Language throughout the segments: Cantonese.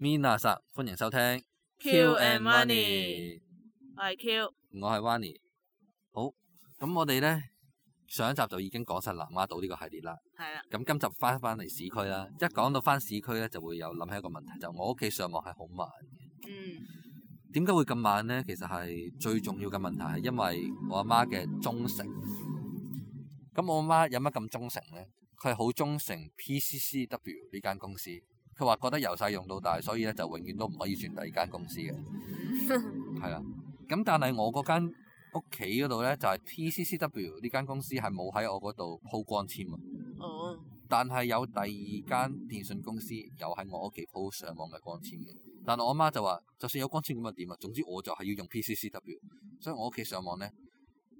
Minasa，歡迎收聽。Q and Wanny，係 Q，我係 Wanny。好，咁我哋咧上一集就已經講晒南丫島呢個系列啦。係啊的。咁今集翻翻嚟市區啦，一講到翻市區咧，就會有諗起一個問題，就我屋企上網係好慢。嗯。點解會咁慢咧？其實係最重要嘅問題係因為我阿媽嘅忠誠。咁我阿媽有乜咁忠誠咧？佢係好忠誠 PCCW 呢間公司。佢話覺得由細用到大，所以咧就永遠都唔可以轉第二間公司嘅，係啦。 咁但係我嗰間屋企嗰度咧就係、是、P C C W 呢間公司係冇喺我嗰度鋪光纖啊。哦。但係有第二間電信公司有喺我屋企鋪上網嘅光纖嘅。但係我媽就話，就算有光纖咁又點啊？總之我就係要用 P C C W，所以我屋企上網咧，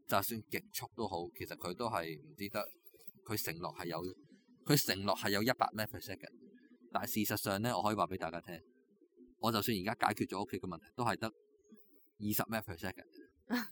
就算極速都好，其實佢都係唔知得佢承諾係有佢承諾係有一百 Mbps 嘅。但係事實上咧，我可以話俾大家聽，我就算而家解決咗屋企嘅問題，都係得二十 Mbps 嘅。咁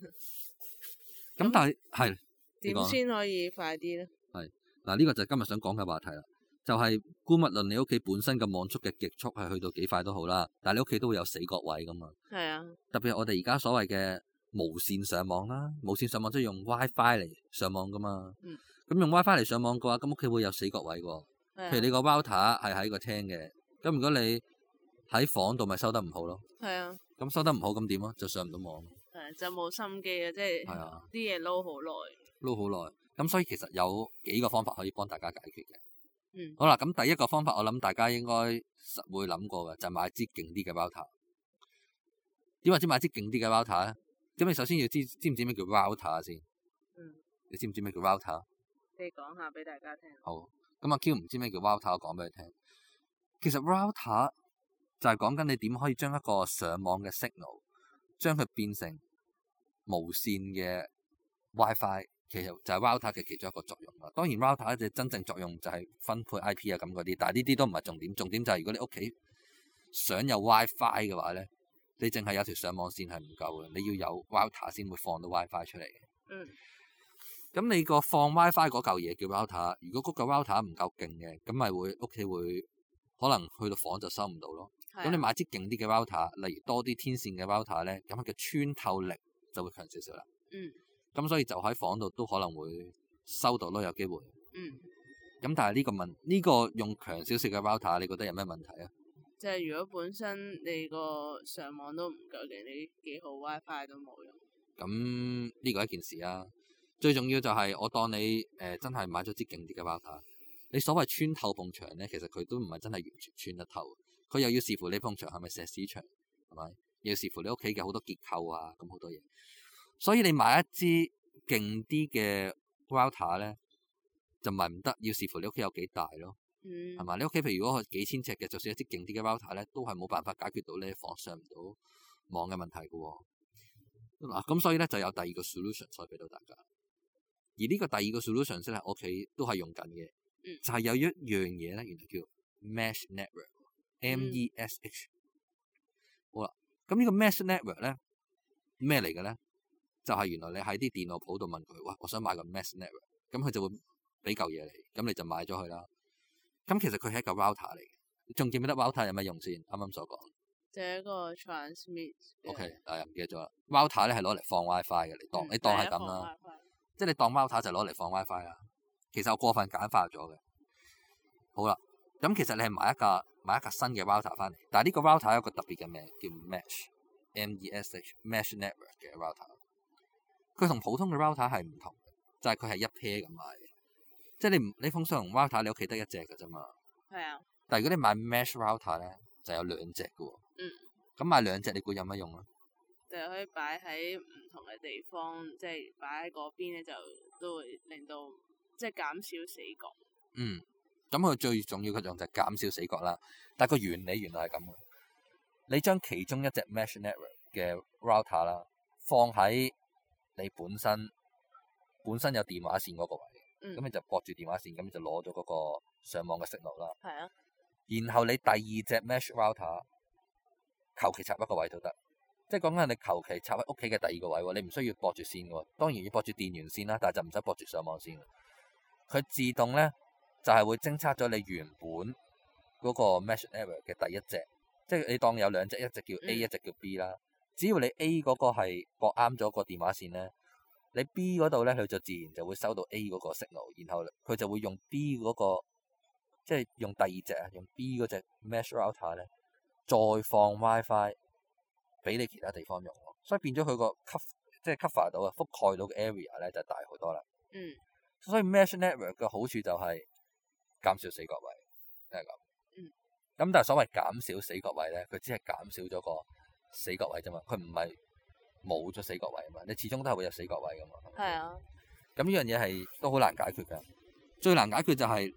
那但係係點先可以快啲咧？係嗱，呢、呢個就係今日想講嘅話題啦。就係姑勿論，你屋企本身嘅網速嘅極速係去到幾快都好啦。但係你屋企都會有死角位噶嘛。係啊。特別係我哋而家所謂嘅無線上網啦，無線上網即係用 WiFi 嚟上網噶嘛。嗯。咁用 WiFi 嚟上網嘅話，咁屋企會有死角位㗎喎。譬如你個 router 係喺個廳嘅，咁如果你喺房度咪收得唔好咯。係啊。咁收得唔好，咁點啊？就上唔到網。係就冇心機啊！即係啲嘢撈好耐。撈好耐，咁所以其實有幾個方法可以幫大家解決嘅。嗯。好啦，咁第一個方法我諗大家應該實會諗過嘅，就是、買支勁啲嘅 router。點解先買支勁啲嘅 router 咧？咁你首先要知知唔知咩叫 router 先？嗯。你知唔知咩叫 router？你講、嗯、下俾大家聽。好。好咁阿 Q 唔知咩叫 router，我講俾你聽。其實 router 就係講緊你點可以將一個上網嘅 signal，將佢變成無線嘅 WiFi，其實就係 router 嘅其中一個作用啦。當然 router 嘅真正作用就係分配 IP 啊咁嗰啲，但係呢啲都唔係重點。重點就係如果你屋企想有 WiFi 嘅話咧，你淨係有條上網線係唔夠嘅，你要有 router 先會放到 WiFi 出嚟嘅。嗯。咁你個放 WiFi 嗰嚿嘢叫 router，如果嗰嚿 router 唔夠勁嘅，咁咪會屋企會可能去到房就收唔到咯。咁的你買支勁啲嘅 router，例如多啲天線嘅 router 咧，咁佢嘅穿透力就會強少少啦。嗯。咁所以就喺房度都可能會收到咯，有機會。嗯。咁但係、這、呢個問呢、這個用強少少嘅 router，你覺得有咩問題啊？即係如果本身你個上網都唔夠勁，你幾號 WiFi 都冇用。咁呢個一件事啊。最重要就係我當你誒、呃、真係買咗支勁啲嘅 router 你所謂穿透埲牆咧，其實佢都唔係真係完全穿得透，佢又要視乎你埲牆係咪石屎牆，係咪？又要視乎你屋企嘅好多結構啊，咁好多嘢。所以你買一支勁啲嘅 router 咧，就唔係唔得，要視乎你屋企有幾大咯，係嘛、嗯？你屋企譬如果係幾千尺嘅，就算一支勁啲嘅 router 咧，都係冇辦法解決到咧房上唔到網嘅問題嘅喎。嗱，咁所以咧就有第二個 solution 可以俾到大家。而呢個第二個 solution 咧，我屋企都係用緊嘅，就係有一樣嘢咧，原來叫 mesh network，M-E-S-H。E S H 嗯、好啦，咁呢個 mesh network 咧，咩嚟嘅咧？就係、是、原來你喺啲電腦鋪度問佢，哇，我想買個 mesh network，咁佢就會俾嚿嘢你，咁你就買咗佢啦。咁其實佢係一嚿 router 嚟嘅，仲記唔記得 router 有咩用先？啱啱所講，就係一個 transmit、okay。O.K. 啊，又唔記得咗啦。router 咧係攞嚟放 WiFi 嘅，你當、嗯、你當係咁啦。即係你當 router 就攞嚟放 WiFi 啦，其實我過分簡化咗嘅。好啦，咁其實你係買一架買一架新嘅 router 返嚟，但係呢個 router 有個特別嘅名叫 Mesh，M-E-S-H Mesh Network 嘅 router。佢同普通嘅 router 係唔同，就係佢係一 pair 咁買嘅。即係你唔你通常 router 你屋企得一隻嘅啫嘛。係啊。但係如果你買 Mesh router 咧，就有兩隻嘅喎。嗯。咁買兩隻你估有乜用啊？就可以擺喺唔同嘅地方，即係擺喺嗰邊咧，就都會令到即係、就是、減少死角。嗯，咁佢最重要嘅作用就係減少死角啦。但係個原理原來係咁嘅，你將其中一隻 mesh network 嘅 router 啦，放喺你本身本身有電話線嗰個位，咁、嗯、你就駁住電話線，咁你就攞咗嗰個上網嘅線路啦。係啊，然後你第二隻 mesh router 求其插一個位都得。即係講緊你求其插喺屋企嘅第二個位喎，你唔需要駁住線嘅喎，當然要駁住電源線啦，但係就唔使駁住上網線啦。佢自動咧就係、是、會偵測咗你原本嗰個 mesh router 嘅第一隻，即係你當有兩隻，一隻叫 A，一隻叫 B 啦。只要你 A 嗰個係駁啱咗個電話線咧，你 B 嗰度咧佢就自然就會收到 A 嗰個 signal，然後佢就會用 B 嗰、那個，即係用第二隻啊，用 B 嗰隻 mesh router 咧再放 WiFi。Fi, 俾你其他地方用，所以變咗佢個覆即係 cover 到啊，覆蓋到嘅 area 咧就大好多啦。嗯，所以 mesh network 嘅好處就係減少死角位，即係咁。嗯，咁但係所謂減少死角位咧，佢只係減少咗個死角位啫嘛，佢唔係冇咗死角位啊嘛。你始終都係會有死角位噶嘛。係啊，咁呢樣嘢係都好難解決噶。最難解決就係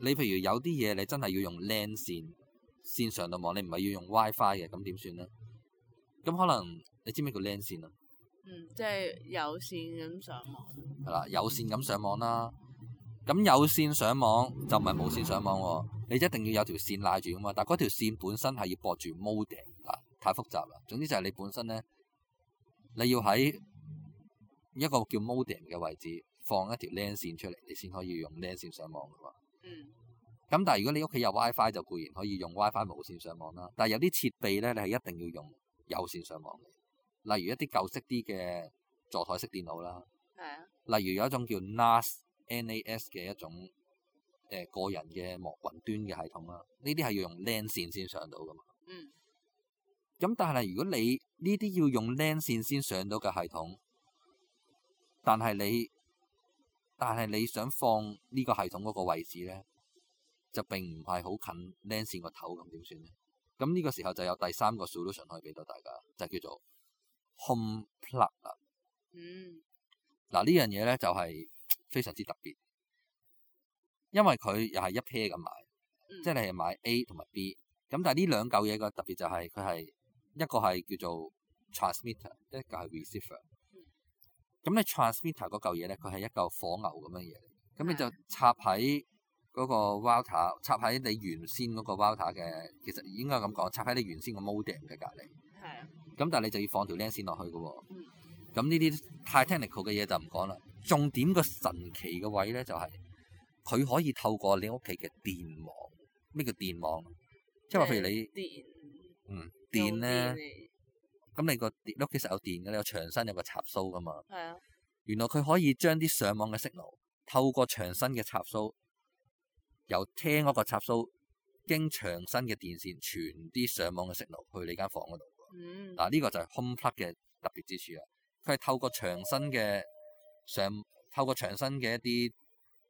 你譬如有啲嘢你真係要用 LAN 線線上到網，你唔係要用 WiFi 嘅，咁點算咧？咁可能你知唔知叫 LAN 線咯？嗯，即係有線咁上網。係啦，有線咁上網啦。咁有線上網就唔係無線上網喎。你一定要有條線拉住啊嘛。但係嗰條線本身係要駁住 modem 啊，太複雜啦。總之就係你本身咧，你要喺一個叫 modem 嘅位置放一條 LAN 線出嚟，你先可以用 LAN 線上網㗎嘛。嗯。咁但係如果你屋企有 WiFi 就固然可以用 WiFi 無線上網啦。但係有啲設備咧，你係一定要用有線上網嘅，例如一啲舊式啲嘅座台式電腦啦，的例如有一種叫 NAS, NAS、NAS 嘅一種誒、呃、個人嘅莫雲端嘅系統啦，呢啲係要用 LAN 線先上到噶嘛。嗯。咁但係如果你呢啲要用 LAN 線先上到嘅系統，但係你但係你想放呢個系統嗰個位置咧，就並唔係好近 LAN 線個頭，咁點算咧？咁呢個時候就有第三個 solution 可以俾到大家，就係、叫做 home plug 啦嗱，嗯、呢樣嘢咧就係、係、非常之特別，因為佢又係一 pair 咁買，嗯、即係你係買 A 同埋 B、咁。咁但係呢兩嚿嘢嘅特別就係佢係一個係叫做 transmitter，一嚿係 receiver。咁、嗯、你 transmitter 嗰嚿嘢咧，佢係一嚿火牛咁樣嘢，嚟，咁你就插喺嗰個 router 插喺你原先嗰個 router 嘅，其實應該咁講，插喺你原先個 modem 嘅隔離。係啊。咁但係你就要放條靚線落去嘅喎、哦。嗯。咁呢啲太 technical 嘅嘢就唔講啦。重點個神奇嘅位咧就係、是、佢可以透過你屋企嘅電網。咩叫電網？即係話譬如你電嗯電咧。咁你嗰個電屋企其實有電嘅，你有牆身有個插蘇㗎嘛。係啊。原來佢可以將啲上網嘅訊號透過牆身嘅插蘇。由廳嗰個插蘇，經長身嘅電線傳啲上網嘅訊號去你間房嗰度。嗱、嗯，呢、啊呢個就係 home plug 嘅特別之處啦。佢係透過長身嘅上，透過長身嘅一啲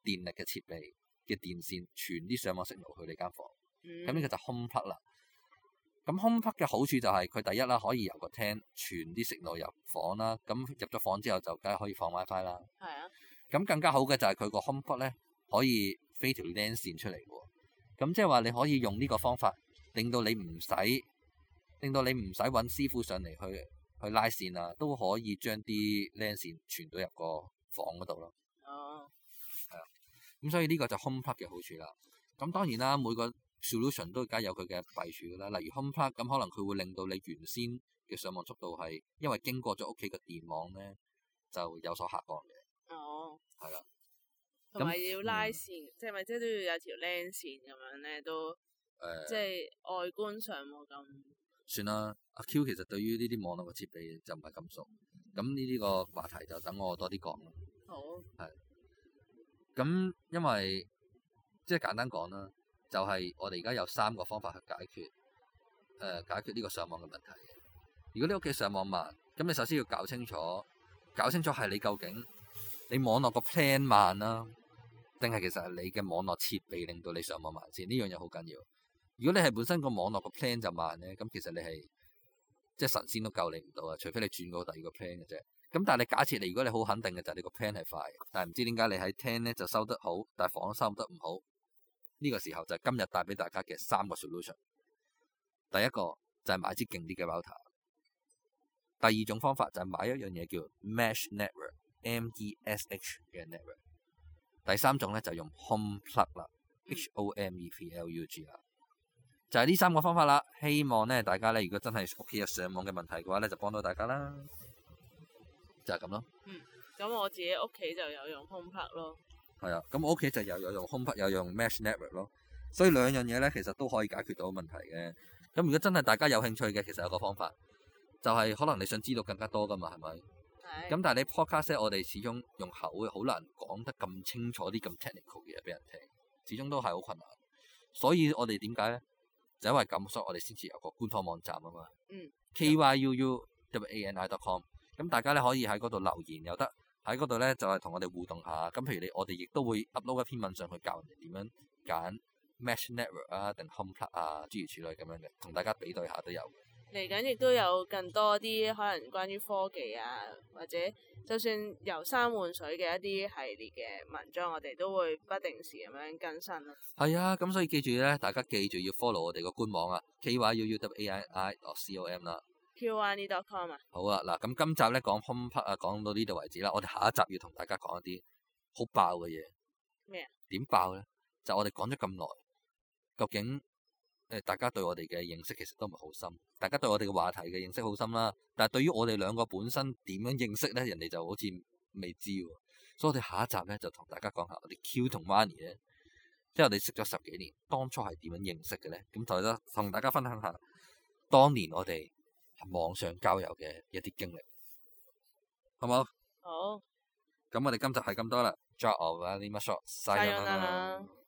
電力嘅設備嘅電線傳啲上網訊號去你間房。咁呢個就 home plug 啦。咁 home plug 嘅好處就係、是、佢第一啦，可以由個廳傳啲訊號入房啦。咁入咗房之後就梗係可以放 WiFi 啦。係的啊。咁更加好嘅就係佢個 home plug 咧可以。飛條 LAN 線出嚟嘅喎，咁即係話你可以用呢個方法，令到你唔使，令到你唔使搵師傅上嚟去去拉線啊，都可以將啲 LAN 線傳到入個房嗰度咯。哦，係啊，咁所以呢個就 HomePlug 嘅好處啦。咁當然啦，每個 solution 都梗有佢嘅弊處噶啦。例如 HomePlug 咁，可能佢會令到你原先嘅上網速度係，因為經過咗屋企嘅電網咧，就有所下降嘅。哦、啊，係啦。同埋要拉線，嗯、即係咪即係都要有條靚線咁樣咧？都、呃，誒，即係外觀上冇咁。算啦，阿 Q 其實對於呢啲網絡嘅設備就唔係咁熟，咁呢啲個話題就等我多啲講啦。好。係。咁因為即係簡單講啦，就係、是、我哋而家有三個方法去解決，誒、呃、解決呢個上網嘅問題。如果你屋企上網慢，咁你首先要搞清楚，搞清楚係你究竟你網絡個 plan 慢啦、啊。定係其實係你嘅網絡設備令到你上網慢先，呢樣嘢好緊要。如果你係本身個網絡個 plan 就慢咧，咁其實你係即係神仙都救你唔到啊！除非你轉過第二個 plan 嘅啫。咁但係你假設你如果你好肯定嘅就係你個 plan 係快但係唔知點解你喺廳咧就收得好，但係房收得唔好呢個時候就係今日帶俾大家嘅三個 solution。第一個就係買支勁啲嘅 router。第二種方法就係買一樣嘢叫 Mesh Network M E S H 嘅 network。第三種咧就用 HomePlug 啦，H-O-M-E-P-L-U-G 啦，就係呢三個方法啦。希望咧大家咧，如果真係屋企有上網嘅問題嘅話咧，就幫到大家啦。就係咁咯。嗯，咁我自己屋企就有用 HomePlug 咯。係啊，咁我屋企就有用 HomePlug，有用 Mesh Network 咯。所以兩樣嘢咧，其實都可以解決到問題嘅。咁如果真係大家有興趣嘅，其實有個方法，就係可能你想知道更加多噶嘛，係咪？咁但係你 podcast 我哋始終用口會好難講得咁清楚啲，咁 technical 嘅嘢俾人聽，始終都係好困難。所以我哋點解咧，就因為咁，所以我哋先至有個官方網站啊嘛。嗯、K Y U U 入 A N I dot com，咁大家咧可以喺嗰度留言又得，喺嗰度咧就係、是、同我哋互動下。咁譬如你，我哋亦都會 upload 一篇文上去教人哋點樣揀 mesh network 啊，定 home plug 啊，諸如此類咁樣嘅，同大家比對下都有。嚟緊亦都有更多啲可能關於科技啊，或者就算遊山玩水嘅一啲系列嘅文章，我哋都會不定時咁樣更新咯。係啊，咁所以記住咧，大家記住要 follow 我哋個官網啊 kyuuwaii.com 啦。kyuwi.com 啊。好啊，嗱，咁今集咧講 unpack 啊，講到呢度為止啦。我哋下一集要同大家講一啲好爆嘅嘢。咩啊？點爆咧？就我哋講咗咁耐，究竟？誒，大家對我哋嘅認識其實都唔係好深，大家對我哋嘅話題嘅認識好深啦。但係對於我哋兩個本身點樣認識咧，人哋就好似未知喎。所以我哋下一集咧就同大家講下我哋 Q 同 Money 咧，即係我哋識咗十幾年，當初係點樣認識嘅咧？咁就同大家分享下當年我哋網上交友嘅一啲經歷，好唔好？好。咁我哋今集係咁多啦，再學下啲乜嘢，收聲啦。見